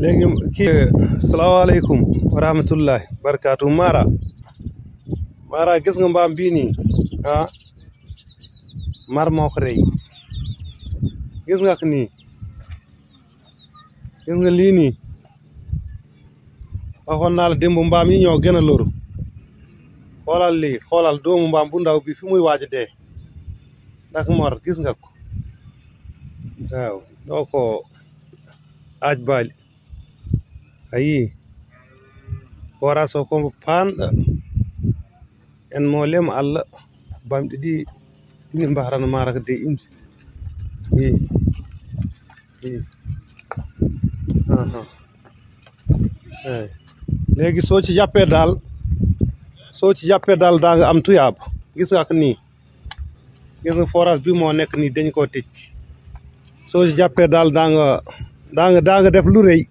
léegi kii salaamaaleykum wa rahmatullahi barkaatu Mara Mara gis nga mbaam bii nii ah, mar moo ko rey gis nga ak gis nga lii nii waxoon naa la démb mbaam yi ñoo gën a loru xoolal lii xoolal doomu mbaam bu ndaw bi fi muy waaj a dee ndax mor gis nga ko waaw doo ajbali ayi wara sokombo panɗo en moolema allah bamɗe ɗi ɗini mbarano mara ko de imde i i eyi léegi soo ci jàppee daal soo ci jàppee daal daa nga am tuyaaba gis nga ak nii gis nga forage bi moo nekk nii dañ koo tëj soo ci daal daa nga daa nga daa def lu rëy